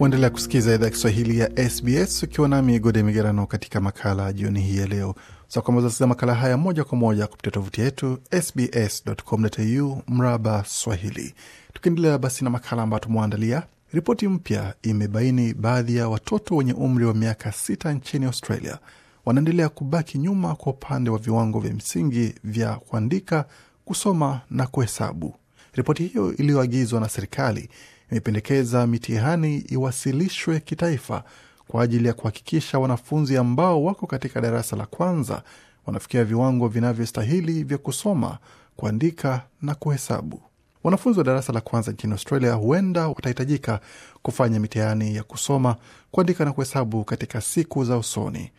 Waendelea kusikiza idhaa Kiswahili ya SBS ukiwa nami Gode Migerano katika makala jioni hii ya leo sakwambazaskiza makala haya moja kwa moja kupitia tovuti yetu sbs.com.au mraba Swahili. Tukiendelea basi na makala ambayo tumewaandalia, ripoti mpya imebaini baadhi ya watoto wenye umri wa miaka sita nchini Australia wanaendelea kubaki nyuma kwa upande wa viwango vya msingi vya kuandika, kusoma na kuhesabu. Ripoti hiyo iliyoagizwa na serikali imependekeza mitihani iwasilishwe kitaifa kwa ajili ya kuhakikisha wanafunzi ambao wako katika darasa la kwanza wanafikia viwango vinavyostahili vya kusoma, kuandika na kuhesabu. Wanafunzi wa darasa la kwanza nchini Australia huenda watahitajika kufanya mitihani ya kusoma, kuandika na kuhesabu katika siku za usoni.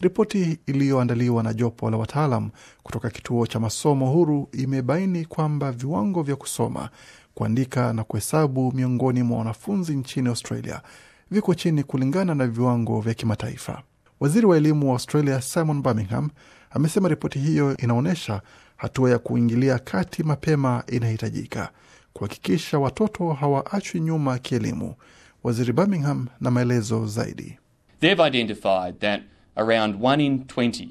Ripoti iliyoandaliwa na jopo la wataalam kutoka kituo cha masomo huru imebaini kwamba viwango vya kusoma, kuandika na kuhesabu miongoni mwa wanafunzi nchini Australia viko chini kulingana na viwango vya kimataifa. Waziri wa elimu wa Australia Simon Birmingham amesema ripoti hiyo inaonyesha hatua ya kuingilia kati mapema inahitajika kuhakikisha watoto hawaachwi nyuma kielimu. Waziri Birmingham na maelezo zaidi. They've identified that around in 20,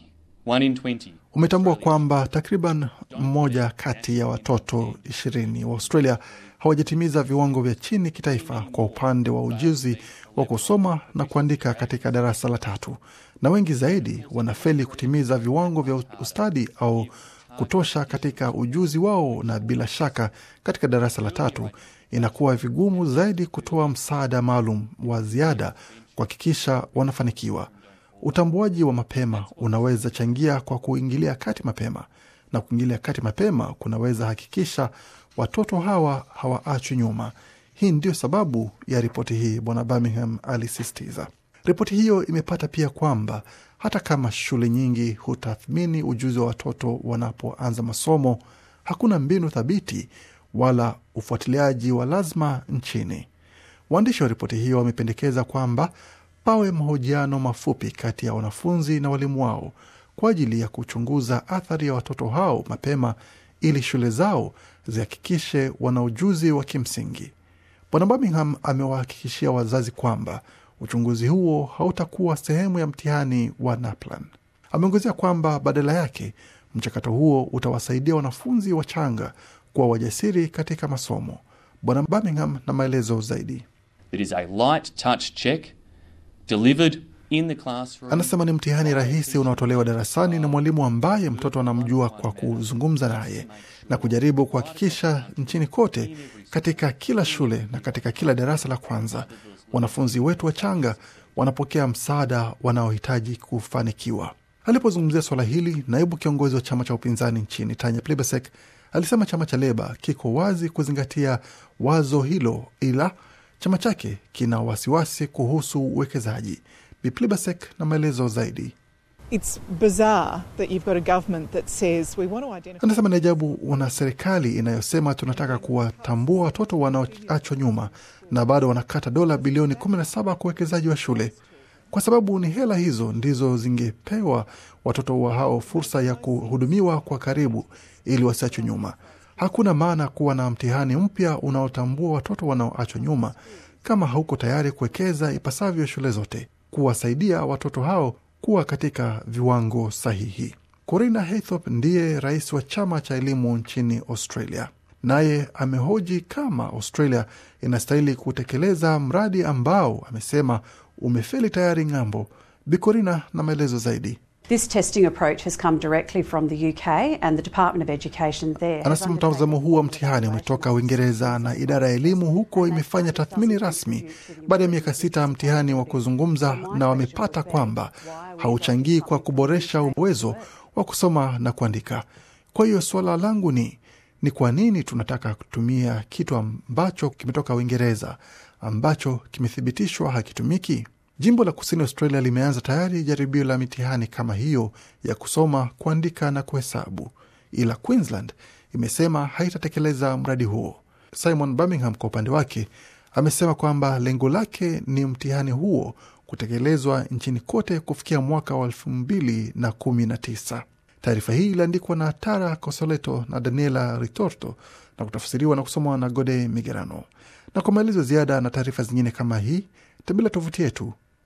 in 20 umetambua kwamba takriban mmoja kati ya watoto ishirini wa Australia hawajatimiza viwango vya chini kitaifa kwa upande wa ujuzi wa kusoma na kuandika katika darasa la tatu, na wengi zaidi wanafeli kutimiza viwango vya ustadi au kutosha katika ujuzi wao, na bila shaka katika darasa la tatu inakuwa vigumu zaidi kutoa msaada maalum wa ziada kuhakikisha wanafanikiwa. Utambuaji wa mapema unaweza changia kwa kuingilia kati mapema, na kuingilia kati mapema kunaweza hakikisha watoto hawa hawaachwi nyuma. Hii ndiyo sababu ya ripoti hii, Bwana Birmingham alisisitiza. Ripoti hiyo imepata pia kwamba hata kama shule nyingi hutathmini ujuzi wa watoto wanapoanza masomo, hakuna mbinu thabiti wala ufuatiliaji wa lazima nchini. Waandishi wa ripoti hiyo wamependekeza kwamba pawe mahojiano mafupi kati ya wanafunzi na walimu wao kwa ajili ya kuchunguza athari ya watoto hao mapema ili shule zao zihakikishe wana ujuzi wa kimsingi. Bwana Birmingham amewahakikishia wazazi kwamba uchunguzi huo hautakuwa sehemu ya mtihani wa NAPLAN. Ameongezea kwamba badala yake mchakato huo utawasaidia wanafunzi wachanga kuwa wajasiri katika masomo. Bwana Birmingham na maelezo zaidi. It is a light touch check delivered Anasema ni mtihani rahisi unaotolewa darasani na mwalimu ambaye mtoto anamjua kwa kuzungumza naye na kujaribu kuhakikisha nchini kote, katika kila shule na katika kila darasa la kwanza, wanafunzi wetu wachanga wanapokea msaada wanaohitaji kufanikiwa. Alipozungumzia swala hili, naibu kiongozi wa chama cha upinzani nchini Tanya Plibersek alisema chama cha Leba kiko wazi kuzingatia wazo hilo, ila chama chake kina wasiwasi kuhusu uwekezaji. Biplibasek na maelezo zaidi. Anasema ni ajabu, wana serikali inayosema tunataka kuwatambua watoto wanaoachwa nyuma na bado wanakata dola bilioni 17 kwa uwekezaji wa shule, kwa sababu ni hela hizo ndizo zingepewa watoto wa hao fursa ya kuhudumiwa kwa karibu ili wasiachwe nyuma. Hakuna maana kuwa na mtihani mpya unaotambua watoto wanaoachwa nyuma kama hauko tayari kuwekeza ipasavyo shule zote kuwasaidia watoto hao kuwa katika viwango sahihi. Corina Haythorp ndiye rais wa chama cha elimu nchini Australia, naye amehoji kama Australia inastahili kutekeleza mradi ambao amesema umefeli tayari ng'ambo. Bikorina na maelezo zaidi. Anasema mtazamo huu wa mtihani umetoka Uingereza na idara ya elimu huko imefanya tathmini rasmi baada ya miaka sita ya mtihani wa kuzungumza, na wamepata kwamba hauchangii kwa kuboresha uwezo wa kusoma na kuandika. Kwa hiyo suala langu ni ni kwa nini tunataka kutumia kitu ambacho kimetoka Uingereza ambacho kimethibitishwa hakitumiki? Jimbo la kusini Australia limeanza tayari jaribio la mitihani kama hiyo ya kusoma, kuandika na kuhesabu, ila Queensland imesema haitatekeleza mradi huo. Simon Birmingham kwa upande wake amesema kwamba lengo lake ni mtihani huo kutekelezwa nchini kote kufikia mwaka wa elfu mbili na kumi na tisa. Taarifa hii iliandikwa na Tara Kosoleto na Daniela Ritorto na kutafsiriwa na kusomwa na Gode Migerano. Na kwa maelezo ziada na taarifa zingine kama hii tembelea tovuti yetu